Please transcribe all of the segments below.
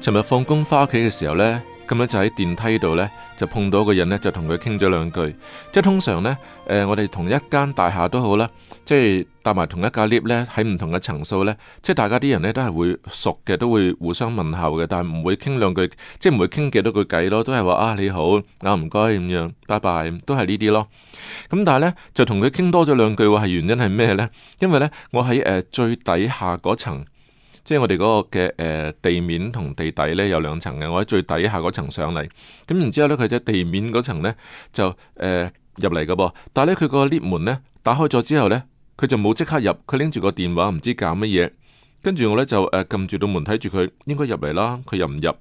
尋日放工翻屋企嘅時候呢，咁樣就喺電梯度呢，就碰到一個人呢，就同佢傾咗兩句。即通常呢，呃、我哋同一間大廈都好啦，即係搭埋同一架 lift 呢，喺唔同嘅層數呢，即大家啲人呢，都係會熟嘅，都會互相問候嘅，但唔會傾兩句，即唔會傾幾多句偈咯，都係話啊你好啊唔該咁樣，拜拜都係呢啲咯。咁但係呢，就同佢傾多咗兩句，係原因係咩呢？因為呢，我喺、呃、最底下嗰層。即係我哋嗰個嘅誒地面同地底呢，有兩層嘅，我喺最底下嗰層上嚟，咁然之後呢，佢喺地面嗰層呢就誒入嚟嘅噃，但係呢，佢個 lift 門呢打開咗之後呢，佢就冇即刻入，佢拎住個電話唔知搞乜嘢，跟住我呢，就誒撳住度門睇住佢，應該入嚟啦，佢入唔入？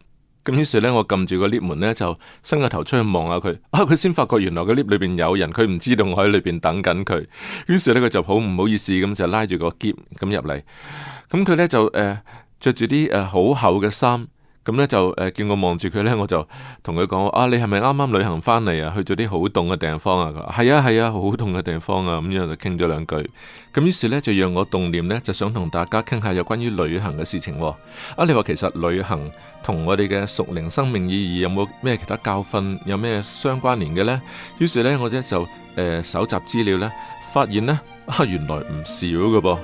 咁於是咧，我撳住個 lift 門咧，就伸個頭出去望下佢。啊，佢先發覺原來個 lift 裏邊有人，佢唔知道我喺裏邊等緊佢。於是咧，佢就好唔好意思咁就拉住個篋咁入嚟。咁佢咧就誒、呃、著住啲誒好厚嘅衫。咁咧就誒、呃，見我望住佢咧，我就同佢講啊，你係咪啱啱旅行翻嚟啊？去咗啲好凍嘅地方啊？係啊係啊，好凍嘅地方啊！咁樣就傾咗兩句。咁於是咧就讓我動念咧，就想同大家傾下有關於旅行嘅事情，哦。啊，你話其實旅行同我哋嘅屬靈生命意義有冇咩其他教訓，有咩相關聯嘅咧？於是咧我咧就誒、呃、搜集資料咧，發現呢，啊原來唔少噶噃。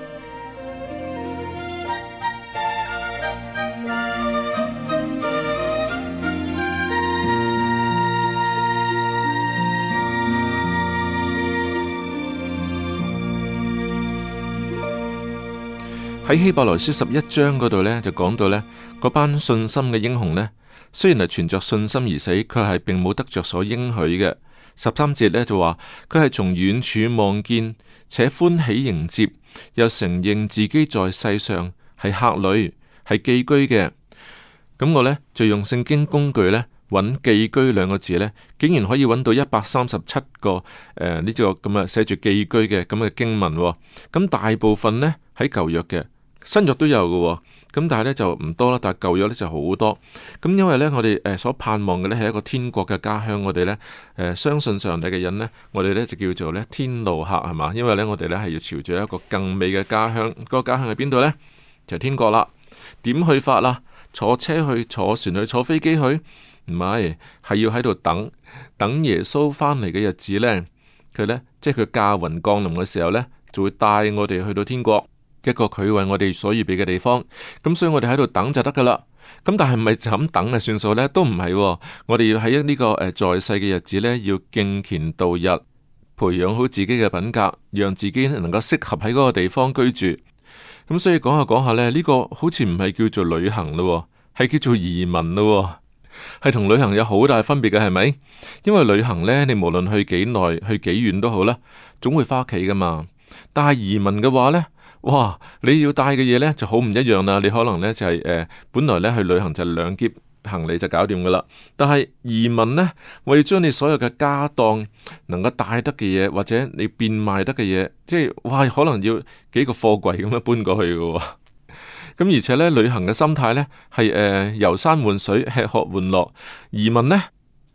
喺希伯來斯十一章嗰度呢，那就講到呢嗰班信心嘅英雄呢，雖然係存着信心而死，卻係並冇得着所應許嘅。十三節呢，就話佢係從遠處望見，且歡喜迎接，又承認自己在世上係客旅，係寄居嘅。咁我呢，就用聖經工具呢，揾寄居兩個字呢，竟然可以揾到一百三十七個呢、呃這個咁啊寫住寄居嘅咁嘅經文。咁大部分呢，喺舊約嘅。新約都有嘅，咁但係呢就唔多啦，但係舊約呢就好多。咁因為呢，我哋誒所盼望嘅呢係一個天國嘅家鄉。我哋呢，誒相信上帝嘅人呢，我哋呢就叫做呢天路客係嘛？因為呢，我哋呢係要朝住一個更美嘅家鄉。嗰個家鄉喺邊度呢？就天國啦。點去法啦？坐車去，坐船去，坐飛機去？唔係，係要喺度等，等耶穌返嚟嘅日子呢。佢呢，即係佢駕雲降臨嘅時候呢，就會帶我哋去到天國。一個佢為我哋所預備嘅地方，咁所以我哋喺度等就得噶啦。咁但係唔係就咁等嘅算數呢？都唔係，哦，我哋要喺呢個在世嘅日子呢，要敬虔度日，培養好自己嘅品格，讓自己能夠適合喺嗰個地方居住。咁所以講下講下呢，呢、呢個好似唔係叫做旅行咯，係叫做移民咯，係同旅行有好大分別嘅，係咪？因為旅行呢，你無論去幾耐，去幾遠都好啦，總會翻屋企噶嘛。但係移民嘅話呢。哇！你要帶嘅嘢呢就好唔一樣啦，你可能呢就係、是呃、本來呢去旅行就兩件行，行李就搞掂㗎啦，但係移民呢，我要將你所有嘅家當能夠帶得嘅嘢，或者你變賣得嘅嘢，即係哇，可能要幾個貨櫃咁樣搬過去嘅喎、啊。咁而且呢，旅行嘅心態呢係誒、呃、遊山玩水、吃喝玩樂，移民呢。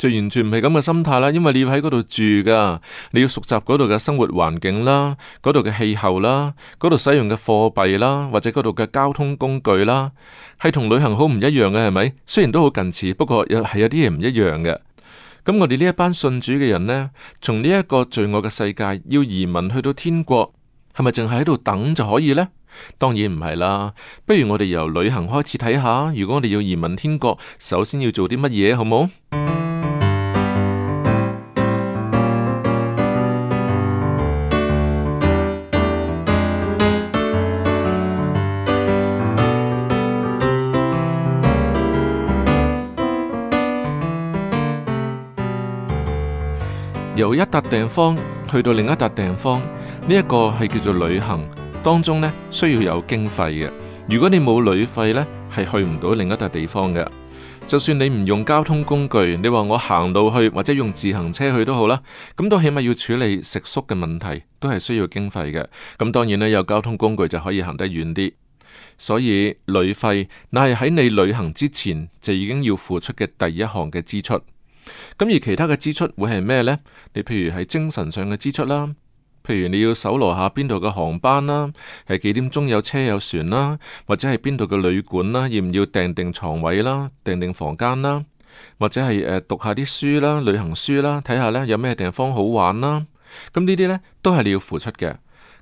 就完全唔係咁嘅心態啦，因為你要喺嗰度住㗎，你要熟悉嗰度嘅生活環境啦，嗰度嘅氣候啦，嗰度使用嘅貨幣啦，或者嗰度嘅交通工具啦，係同旅行好唔一樣嘅，係咪？雖然都好近似，不過也是有係有啲嘢唔一樣嘅。咁我哋呢一班信主嘅人呢，從呢一個罪惡嘅世界要移民去到天國，係咪淨係喺度等就可以呢？當然唔係啦。不如我哋由旅行開始睇下，如果我哋要移民天國，首先要做啲乜嘢，好冇？一笪地方去到另一笪地方，呢、這、一個係叫做旅行，當中呢，需要有經費嘅。如果你冇旅費呢，係去唔到另一笪地方嘅。就算你唔用交通工具，你話我行路去或者用自行車去都好啦，咁都起碼要處理食宿嘅問題，都係需要經費嘅。咁當然呢，有交通工具就可以行得遠啲。所以旅費，乃係喺你旅行之前就已經要付出嘅第一項嘅支出。咁而其他嘅支出會係咩呢？你譬如係精神上嘅支出啦，譬如你要搜羅下邊度嘅航班啦，係幾點鐘有車有船啦，或者係邊度嘅旅館啦，要唔要訂定床位啦，訂定房間啦，或者係誒讀下啲書啦，旅行書啦，睇下呢有咩地方好玩啦。咁呢啲呢都係你要付出嘅。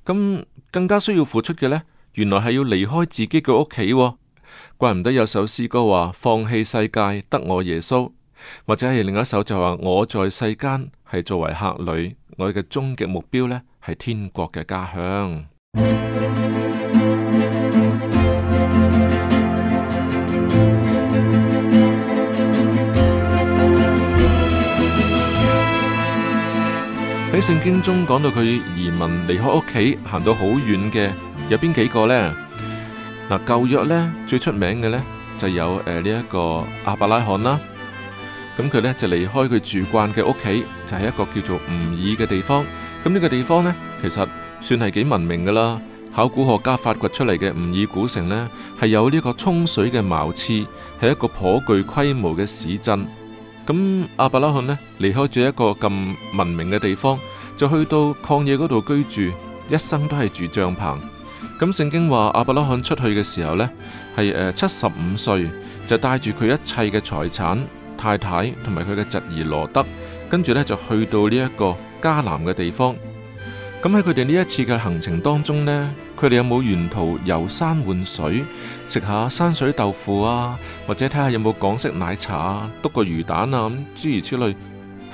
咁更加需要付出嘅呢，原來係要離開自己嘅屋企。怪唔得有首詩歌話：放棄世界，得我耶穌。或者係另一首就話，我在世間係作為客旅，我嘅終極目標呢係天國嘅家鄉。喺聖經中講到佢移民離開屋企行到好遠嘅，有邊幾個呢？嗱，舊約呢最出名嘅呢就有誒呢一個亞伯拉罕啦。咁佢咧就離開佢住慣嘅屋企，就喺一個叫做吳爾嘅地方。咁呢個地方呢，其實算係幾文明噶啦。考古學家發掘出嚟嘅吳爾古城呢，係有呢個沖水嘅茅廁，係一個頗具規模嘅市鎮。咁阿伯拉罕呢離開住一個咁文明嘅地方，就去到曠野嗰度居住，一生都係住帳篷。咁聖經話阿伯拉罕出去嘅時候呢，係誒七十五歲，就帶住佢一切嘅財產。太太同埋佢嘅侄兒羅德，跟住呢，就去到呢一個迦南嘅地方。咁喺佢哋呢一次嘅行程當中呢，佢哋有冇沿途遊山玩水，食下山水豆腐啊，或者睇下有冇港式奶茶啊，篤個魚蛋啊咁諸如此類，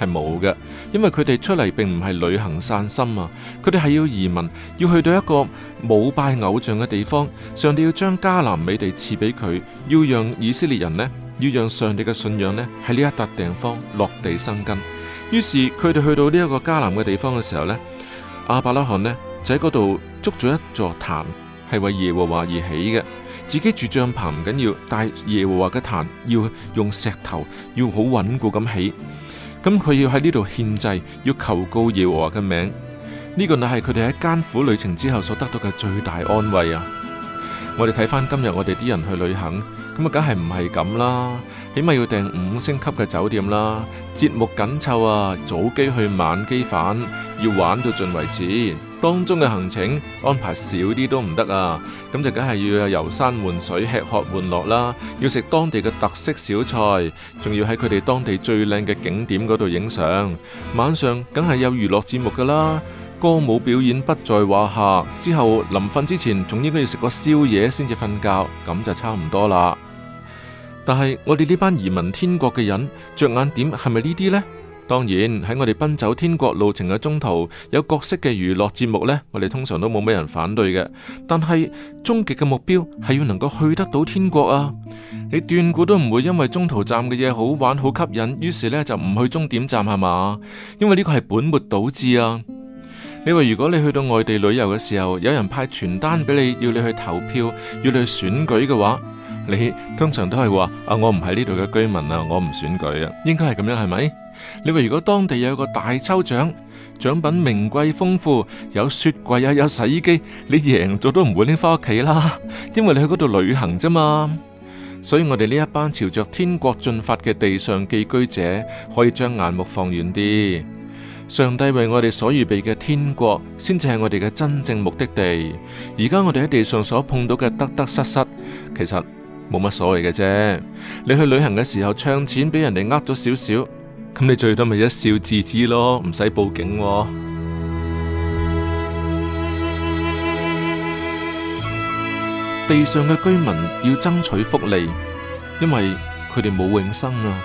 係冇嘅，因為佢哋出嚟並唔係旅行散心啊，佢哋係要移民，要去到一個冇拜偶像嘅地方，上帝要將迦南美地賜俾佢，要讓以色列人呢。要讓上帝嘅信仰咧，喺呢一笪地方落地生根。於是佢哋去到呢一個迦南嘅地方嘅時候呢，亞伯拉罕呢就喺嗰度築咗一座壇，係為耶和華而起嘅。自己住帳篷唔緊要，但係耶和華嘅壇要用石頭，要好穩固咁起。咁佢要喺呢度獻祭，要求告耶和華嘅名。呢、這個就係佢哋喺艱苦旅程之後所得到嘅最大安慰啊！我哋睇返今日我哋啲人去旅行。咁啊，梗係唔係咁啦，起碼要訂五星級嘅酒店啦，節目緊湊啊，早機去晚機返，要玩到盡為止。當中嘅行程安排少啲都唔得啊，咁就梗係要遊山玩水，吃喝玩樂啦，要食當地嘅特色小菜，仲要喺佢哋當地最靚嘅景點嗰度影相。晚上梗係有娛樂節目㗎啦。歌舞表演不在話下，之後臨瞓之前仲應該要食個宵夜先至瞓覺，咁就差唔多啦。但係我哋呢班移民天國嘅人，着眼點係咪呢啲呢？當然，喺我哋奔走天國路程嘅中途，有各式嘅娛樂節目呢，我哋通常都冇咩人反對嘅。但係終極嘅目標係要能夠去得到天國啊！你斷估都唔會因為中途站嘅嘢好玩好吸引，於是呢就唔去終點站係嘛？因為呢個係本末倒置啊！你話如果你去到外地旅遊嘅時候，有人派傳單俾你，要你去投票，要你去選舉嘅話，你通常都係話：啊，我唔係呢度嘅居民啊，我唔選舉啊，應該係咁樣，係咪？你話如果當地有個大抽獎，獎品名貴豐富，有雪櫃啊，有洗衣機，你贏咗都唔會拎翻屋企啦，因為你去嗰度旅行啫嘛。所以我哋呢一班朝着天國進發嘅地上寄居者，可以將眼目放遠啲。上帝為我哋所預備嘅天國，先至係我哋嘅真正目的地。而家我哋喺地上所碰到嘅得得失失，其實冇乜所謂嘅啫。你去旅行嘅時候，唱錢俾人哋呃咗少少，咁你最多咪一笑置之咯，唔使報警。 地上嘅居民要爭取福利，因為佢哋冇永生啊。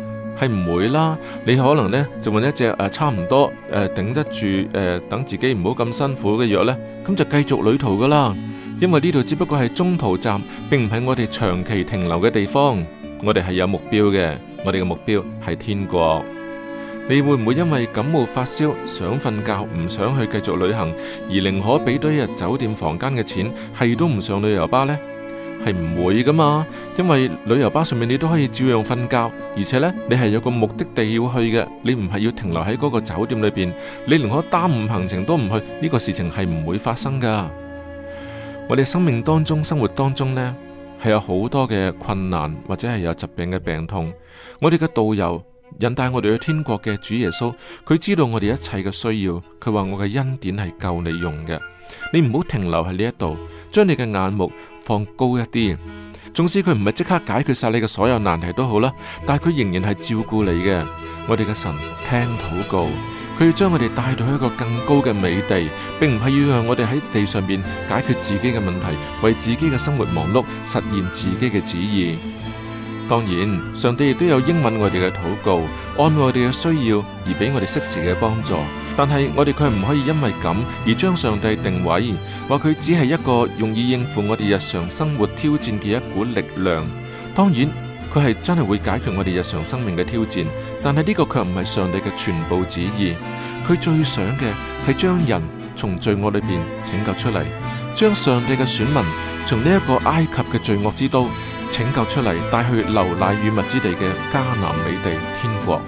係唔會啦，你可能呢，就搵一隻誒、啊、差唔多誒頂、呃、得住誒、呃、等自己唔好咁辛苦嘅藥呢，咁就繼續旅途噶啦。因為呢度只不過係中途站，並唔係我哋長期停留嘅地方。我哋係有目標嘅，我哋嘅目標係天國。你會唔會因為感冒發燒想瞓覺唔想去繼續旅行，而寧可俾多一日酒店房間嘅錢，係都唔上旅遊巴呢？係唔會噶嘛？因為旅遊巴上面你都可以照樣瞓覺，而且呢，你係有個目的地要去嘅，你唔係要停留喺嗰個酒店裏邊，你連可耽誤行程都唔去，呢個事情係唔會發生噶。我哋生命當中、生活當中呢，係有好多嘅困難或者係有疾病嘅病痛，我哋嘅導遊引帶我哋去天國嘅主耶穌，佢知道我哋一切嘅需要，佢話我嘅恩典係夠你用嘅，你唔好停留喺呢一度，將你嘅眼目。放高一啲，縱使佢唔係即刻解決晒你嘅所有難題都好啦，但係佢仍然係照顧你嘅。我哋嘅神聽禱告，佢要將我哋帶到去一個更高嘅美地，並唔係要讓我哋喺地上面解決自己嘅問題，為自己嘅生活忙碌，實現自己嘅旨意。當然，上帝亦都有應允我哋嘅禱告，按我哋嘅需要而俾我哋適時嘅幫助。但係我哋卻唔可以因為咁而將上帝定位，話佢只係一個容易應付我哋日常生活挑戰嘅一股力量。當然，佢係真係會解決我哋日常生活嘅挑戰。但係呢個卻唔係上帝嘅全部旨意。佢最想嘅係將人從罪惡裏邊拯救出嚟，將上帝嘅選民從呢一個埃及嘅罪惡之都，拯救出嚟，帶去流奶與蜜之地嘅迦南美地天國。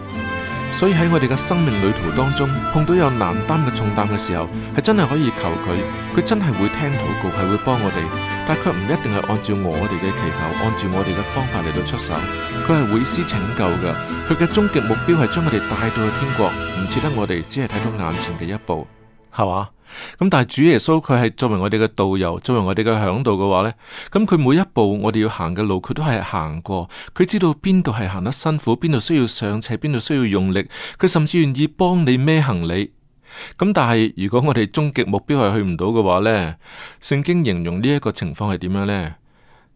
所以喺我哋嘅生命旅途當中，碰到有難擔嘅重擔嘅時候，係真係可以求佢，佢真係會聽禱告，係會幫我哋，但係卻唔一定係按照我哋嘅祈求，按照我哋嘅方法嚟到出手。佢係會施拯救噶，佢嘅終極目標係將我哋帶到去天國，唔似得我哋只係睇到眼前嘅一步。係嘛？咁但係主耶穌佢係作為我哋嘅導遊，作為我哋嘅響導嘅話呢，咁佢每一步我哋要行嘅路，佢都係行過，佢知道邊度係行得辛苦，邊度需要上斜，邊度需要用力，佢甚至願意幫你孭行李。咁但係如果我哋終極目標係去唔到嘅話呢，聖經形容呢一個情況係點樣呢？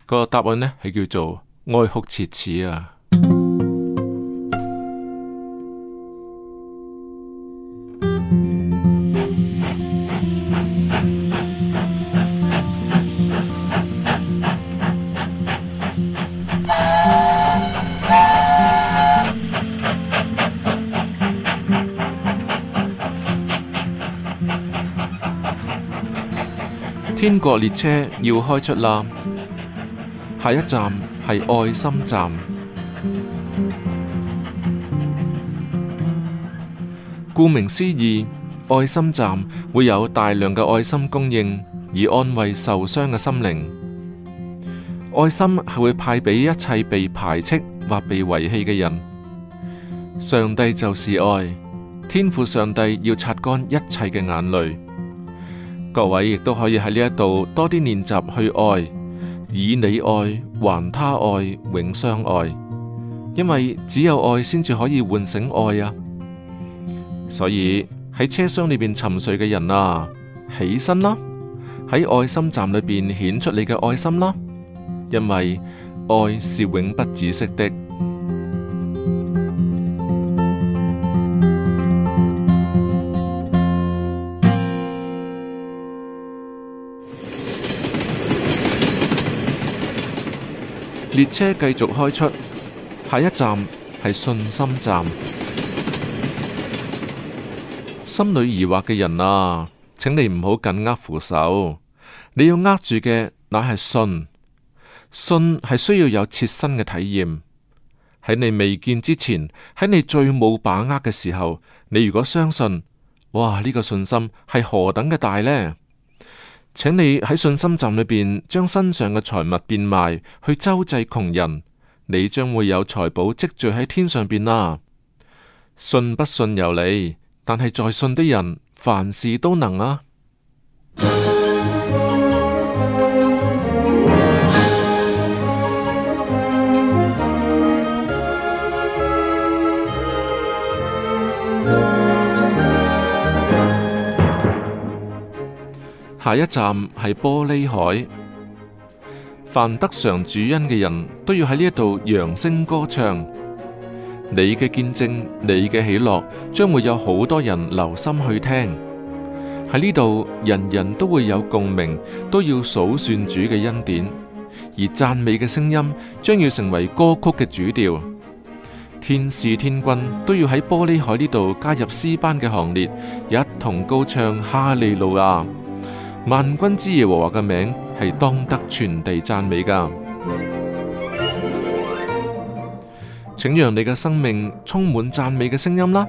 個答案呢係叫做哀哭切齒啊！國列車要開出啦，下一站係愛心站。顧名思義，愛心站會有大量嘅愛心供應，以安慰受傷嘅心靈。愛心係會派俾一切被排斥或被遺棄嘅人。上帝就是愛，天父上帝要擦乾一切嘅眼淚。各位亦都可以喺呢一度多啲練習去愛，以你愛還他愛，永相愛。因為只有愛先至可以喚醒愛啊！所以喺車廂裏邊沉睡嘅人啊，起身啦！喺愛心站裏邊顯出你嘅愛心啦！因為愛是永不止息的。列車繼續開出，下一站係信心站。心裏疑惑嘅人啊，請你唔好緊握扶手，你要握住嘅乃係信。信係需要有切身嘅體驗。喺你未見之前，喺你最冇把握嘅時候，你如果相信，哇！呢個信心係何等嘅大呢？請你喺信心站裏邊，將身上嘅財物變賣，去周濟窮人，你將會有財寶積聚喺天上邊啦。信不信由你，但係在信的人，凡事都能啊。下一站係玻璃海，凡得嘗主恩嘅人都要喺呢一度揚聲歌唱。你嘅見證，你嘅喜樂，將會有好多人留心去聽。喺呢度，人人都會有共鳴，都要數算主嘅恩典，而讚美嘅聲音將要成為歌曲嘅主調。天使天君都要喺玻璃海呢度加入詩班嘅行列，一同高唱哈利路亞。萬軍之耶和華嘅名係當得全地讚美㗎，請讓你嘅生命充滿讚美嘅聲音啦！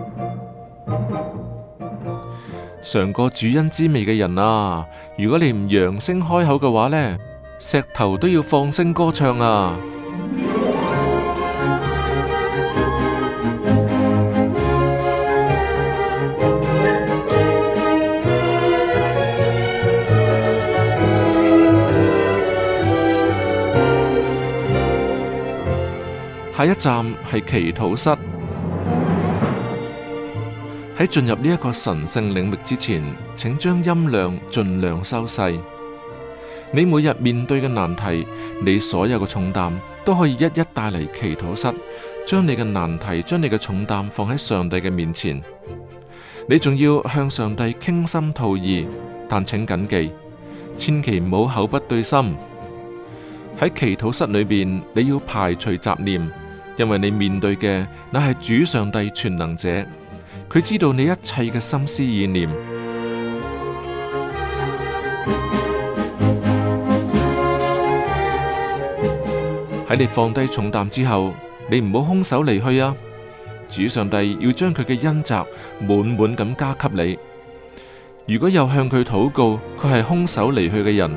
嘗過主恩滋味嘅人啊，如果你唔揚聲開口嘅話呢，石頭都要放聲歌唱啊！下一站係祈禱室。喺進入呢一個神聖領域之前，請將音量盡量收細。你每日面對嘅難題，你所有嘅重擔，都可以一一帶嚟祈禱室，將你嘅難題，將你嘅重擔放喺上帝嘅面前。你仲要向上帝傾心吐意，但請謹記，千祈唔好口不對心。喺祈禱室裏邊，你要排除雜念。因為你面對嘅乃係主上帝全能者，佢知道你一切嘅心思意念。喺你放低重擔之後，你唔好空手離去啊！主上帝要將佢嘅恩澤滿滿咁加給你。如果又向佢禱告，佢係空手離去嘅人，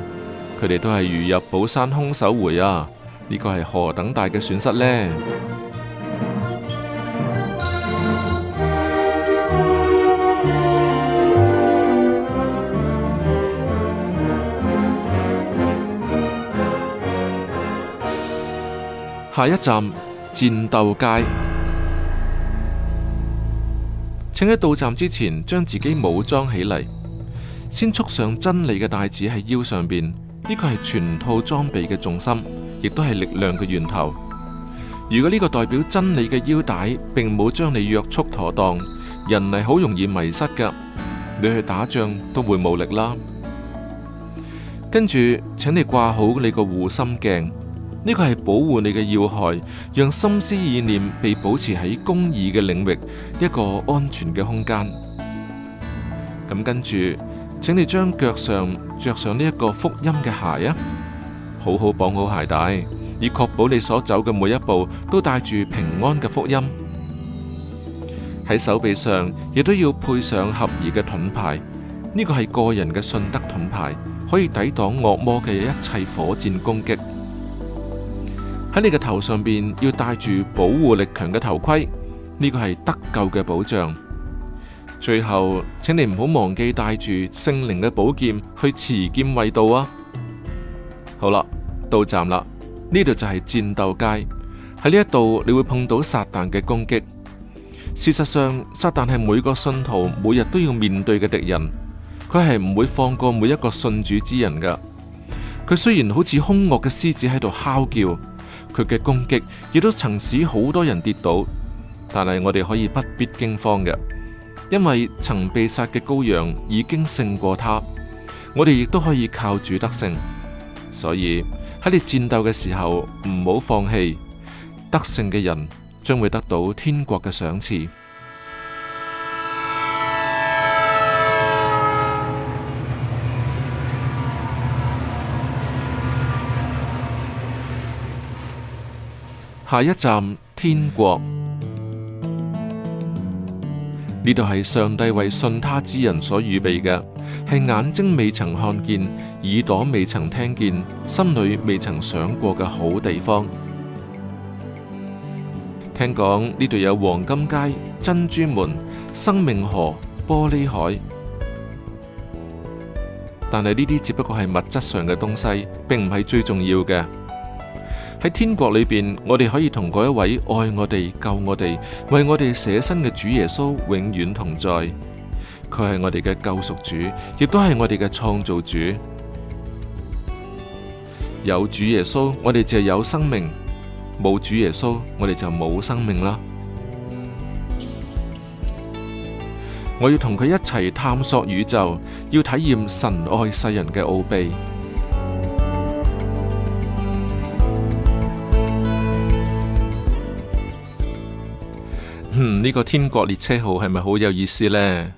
佢哋都係如入寶山空手回啊！呢個係何等大嘅損失呢？下一站戰鬥街，請喺到站之前將自己武裝起嚟，先束上真理嘅帶子喺腰上邊。呢個係全套裝備嘅重心。亦都係力量嘅源頭。如果呢個代表真理嘅腰帶並冇將你約束妥當，人係好容易迷失噶。你去打仗都會冇力啦。跟住，請你掛好你個護心鏡，呢個係保護你嘅要害，讓心思意念被保持喺公義嘅領域，一個安全嘅空間。咁跟住，請你將腳上着上呢一個福音嘅鞋啊！好好綁好鞋帶，以確保你所走嘅每一步都帶住平安嘅福音。喺手臂上亦都要配上合宜嘅盾牌，呢、這個係個人嘅信德盾牌，可以抵擋惡魔嘅一切火箭攻擊。喺你嘅頭上邊要戴住保護力強嘅頭盔，呢、這個係得救嘅保障。最後，請你唔好忘記帶住聖靈嘅寶劍去持劍衛道啊！好啦，到站啦！呢度就係戰鬥街，喺呢一度你會碰到撒旦嘅攻擊。事實上，撒旦係每個信徒每日都要面對嘅敵人，佢係唔會放過每一個信主之人嘅。佢雖然好似凶惡嘅獅子喺度敲叫，佢嘅攻擊亦都曾使好多人跌倒，但係我哋可以不必驚慌嘅，因為曾被殺嘅羔羊已經勝過他，我哋亦都可以靠主得勝。所以喺你戰鬥嘅時候唔好放棄，得勝嘅人將會得到天國嘅賞賜。下一站，天國。呢度係上帝為信他之人所預備嘅。係眼睛未曾看見，耳朵未曾聽見，心裏未曾想過嘅好地方。聽講呢度有黃金街、珍珠門、生命河、玻璃海，但係呢啲只不過係物質上嘅東西，並唔係最重要嘅。喺天國裏邊，我哋可以同嗰一位愛我哋、救我哋、為我哋捨身嘅主耶穌永遠同在。佢係我哋嘅救贖主，亦都係我哋嘅創造主。有主耶穌，我哋就有生命；冇主耶穌，我哋就冇生命啦。我要同佢一齊探索宇宙，要體驗神愛世人嘅奧秘。嗯，呢個天國列車號係咪好有意思呢？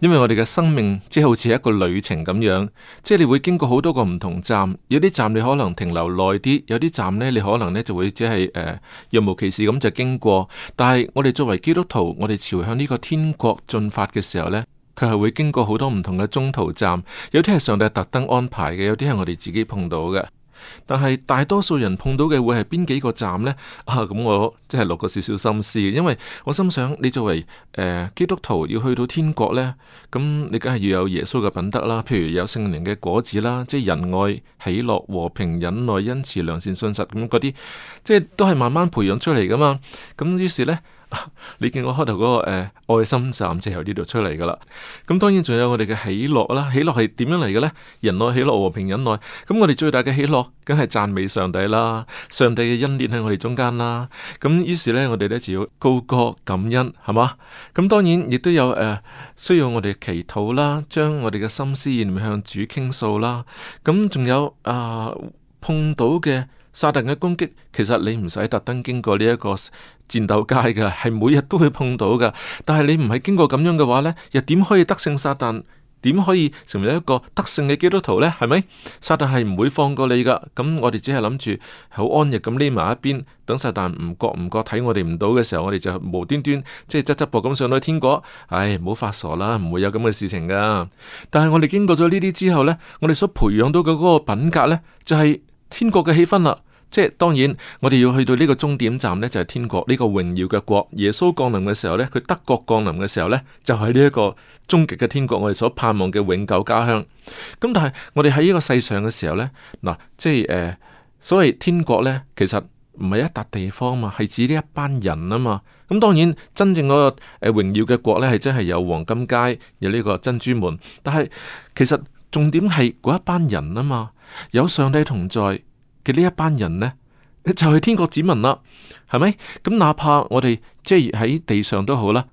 因為我哋嘅生命即係好似一個旅程咁樣，即係你會經過好多個唔同站，有啲站你可能停留耐啲，有啲站呢你可能呢就會即係誒若無其事咁就經過。但係我哋作為基督徒，我哋朝向呢個天國進發嘅時候呢，佢係會經過好多唔同嘅中途站，有啲係上帝特登安排嘅，有啲係我哋自己碰到嘅。但係大多數人碰到嘅會係邊幾個站呢？啊，咁我即係落個少少心思，因為我心想你作為、呃、基督徒要去到天國呢，咁你梗係要有耶穌嘅品德啦，譬如有聖靈嘅果子啦，即係仁愛、喜樂、和平、忍耐、恩慈、良善、信實咁嗰啲，即係都係慢慢培養出嚟噶嘛。咁於是呢。 你見我開頭嗰、那個誒、呃、愛心站就由呢度出嚟噶啦，咁當然仲有我哋嘅喜樂啦，喜樂係點樣嚟嘅呢？仁愛、喜樂、和平、忍耐，咁我哋最大嘅喜樂，梗係讚美上帝啦，上帝嘅恩典喺我哋中間啦，咁於是呢，我哋呢就要高歌感恩，係嘛？咁當然亦都有誒、呃、需要我哋祈禱啦，將我哋嘅心思意念向主傾訴啦，咁仲有啊、呃、碰到嘅。撒旦嘅攻擊，其實你唔使特登經過呢一個戰鬥界嘅，係每日都會碰到嘅。但係你唔係經過咁樣嘅話呢，又點可以得勝撒旦？點可以成為一個得勝嘅基督徒呢？係咪？撒旦係唔會放過你噶。咁我哋只係諗住好安逸咁匿埋一邊，等撒旦唔覺唔覺睇我哋唔到嘅時候，我哋就無端端即係側側膊咁上到天國。唉，唔好發傻啦，唔會有咁嘅事情噶。但係我哋經過咗呢啲之後呢，我哋所培養到嘅嗰個品格呢，就係、是。天國嘅氣氛啦，即係當然我哋要去到呢個終點站呢，就係天國呢個榮耀嘅國。耶穌降臨嘅時候呢，佢德國降臨嘅時候呢，就係呢一個終極嘅天國，我哋所盼望嘅永久家鄉。咁但係我哋喺呢個世上嘅時候呢，嗱，即係所謂天國呢，其實唔係一笪地方嘛，係指呢一班人啊嘛。咁當然真正嗰個誒榮耀嘅國呢，係真係有黃金街，有呢個珍珠門，但係其實。重點係嗰一班人啊嘛，有上帝同在嘅呢一班人呢，就係天國子民啦，係咪？咁哪怕我哋即係喺地上都好啦，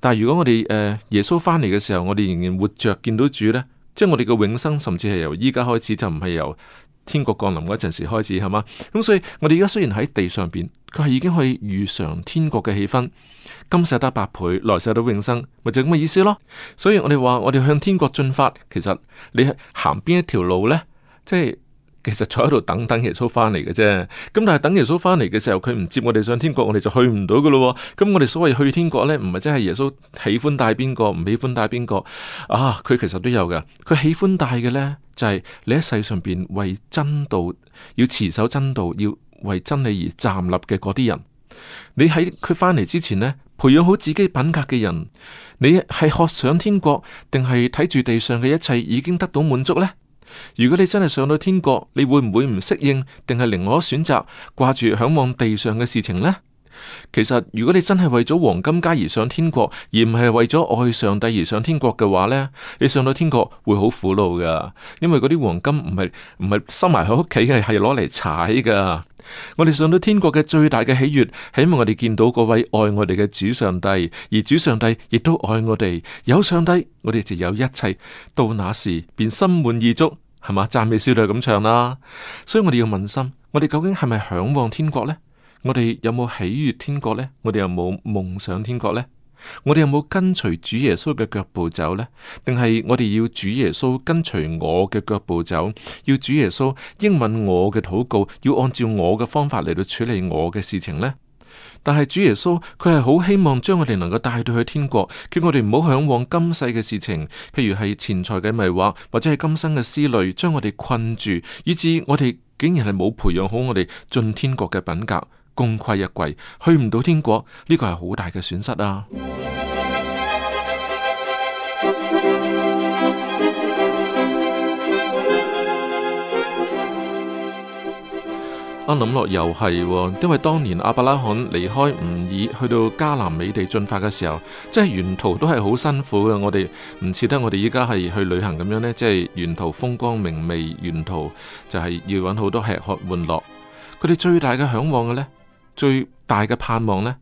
但係如果我哋耶穌翻嚟嘅時候，我哋仍然活着見到主呢，即係我哋嘅永生，甚至係由依家開始就唔係由天國降臨嗰陣時開始，係嘛？咁所以我哋而家雖然喺地上邊。佢係已經可以遇上天國嘅氣氛，今世得百倍，來世到永生，咪就咁嘅意思咯。所以我哋話，我哋向天國進發，其實你行邊一條路呢？即係其實坐喺度等等耶穌翻嚟嘅啫。咁但係等耶穌翻嚟嘅時候，佢唔接我哋上天國，我哋就去唔到噶咯。咁我哋所謂去天國呢，唔係真係耶穌喜歡帶邊個，唔喜歡帶邊個啊？佢其實都有噶，佢喜歡帶嘅呢，就係、是、你喺世上邊為真道要持守真道要。為真理而站立嘅嗰啲人，你喺佢返嚟之前呢，培養好自己品格嘅人，你係學上天國，定係睇住地上嘅一切已經得到滿足呢？如果你真係上到天國，你會唔會唔適應，定係另我選擇掛住向往地上嘅事情呢？其實，如果你真係為咗黃金街而上天國，而唔係為咗愛上帝而上天國嘅話呢，你上到天國會好苦惱噶，因為嗰啲黃金唔係唔係收埋喺屋企嘅，係攞嚟踩噶。我哋上到天國嘅最大嘅喜悅，係因為我哋見到嗰位愛我哋嘅主上帝，而主上帝亦都愛我哋。有上帝，我哋就有一切。到那時，便心滿意足，係嘛？讚美詩就咁唱啦。所以我哋要問心，我哋究竟係咪向往天國呢？我哋有冇喜悅天國呢？我哋有冇夢想天國呢？我哋有冇跟隨主耶穌嘅腳步走呢？定係我哋要主耶穌跟隨我嘅腳步走？要主耶穌應允我嘅禱告？要按照我嘅方法嚟到處理我嘅事情呢？但係主耶穌佢係好希望將我哋能夠帶到去天國，叫我哋唔好向往今世嘅事情，譬如係錢財嘅迷惑，或者係今生嘅思慮，將我哋困住，以致我哋竟然係冇培養好我哋進天國嘅品格。功虧一簣，去唔到天國，呢個係好大嘅損失啊！啊，諗落又係喎，因為當年阿伯拉罕離開吾爾，去到加南美地進發嘅時候，即係沿途都係好辛苦嘅。我哋唔似得我哋依家係去旅行咁樣呢，即係沿途風光明媚，沿途就係要揾好多吃喝玩樂。佢哋最大嘅向往嘅呢。最大嘅盼望呢，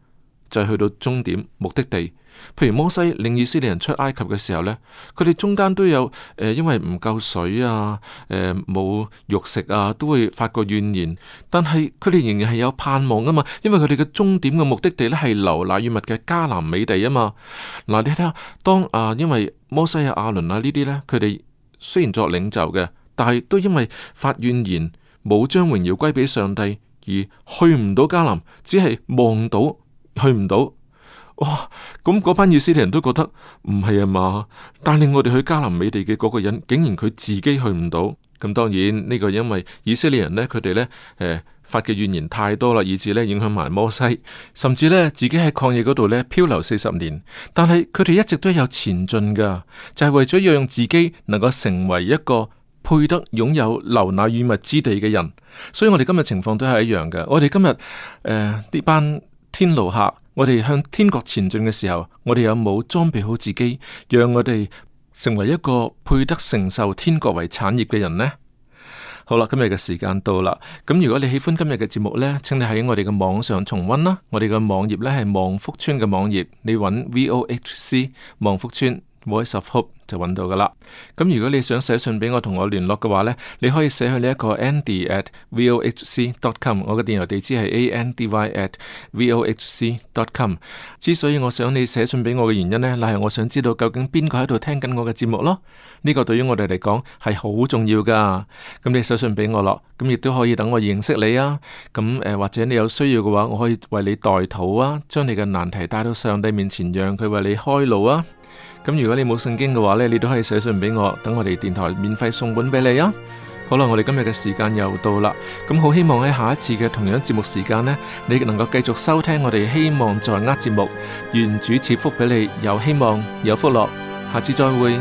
就係、是、去到終點目的地。譬如摩西領以色列人出埃及嘅時候呢，佢哋中間都有誒、呃，因為唔夠水啊，冇、呃、肉食啊，都會發過怨言。但係佢哋仍然係有盼望㗎嘛，因為佢哋嘅終點嘅目的地呢，係流奶與蜜嘅迦南美地啊嘛。嗱、啊，你睇下當啊，因為摩西啊、亞倫啊呢啲呢，佢哋雖然作領袖嘅，但係都因為發怨言，冇將榮耀歸俾上帝。而去唔到迦南，只係望到去唔到。哇、哦！咁嗰班以色列人都覺得唔係啊嘛，帶領我哋去迦南美地嘅嗰個人，竟然佢自己去唔到。咁當然呢、這個因為以色列人呢，佢哋呢，誒、呃、發嘅怨言太多啦，以致呢影響埋摩西，甚至呢自己喺曠野嗰度呢漂流四十年。但係佢哋一直都有前進噶，就係、是、為咗要讓自己能夠成為一個。配得擁有流奶與蜜之地嘅人，所以我哋今日情況都係一樣嘅。我哋今日誒呢班天路客，我哋向天國前進嘅時候，我哋有冇裝備好自己，讓我哋成為一個配得承受天國為產業嘅人呢？好啦，今日嘅時間到啦。咁如果你喜歡今日嘅節目呢，請你喺我哋嘅網上重温啦。我哋嘅網頁呢係望福村嘅網頁，你揾 V O H C 望福村 Voice of Hope。就揾到噶啦。咁如果你想寫信俾我同我聯絡嘅話呢，你可以寫去呢一個 Andy at vohc.com。我嘅電郵地址係 Andy at vohc.com。之所以我想你寫信俾我嘅原因呢，乃係我想知道究竟邊個喺度聽緊我嘅節目咯。呢個對於我哋嚟講係好重要噶。咁你寫信俾我咯，咁亦都可以等我認識你啊。咁誒，或者你有需要嘅話，我可以為你代禱啊，將你嘅難題帶到上帝面前，讓佢為你開路啊。咁如果你冇聖經嘅話呢，你都可以寫信俾我，等我哋電台免費送本俾你啊！好啦，我哋今日嘅時間又到啦，咁好希望喺下一次嘅同樣節目時間呢，你能夠繼續收聽我哋希望在握節目，願主賜福俾你，有希望有福樂，下次再會。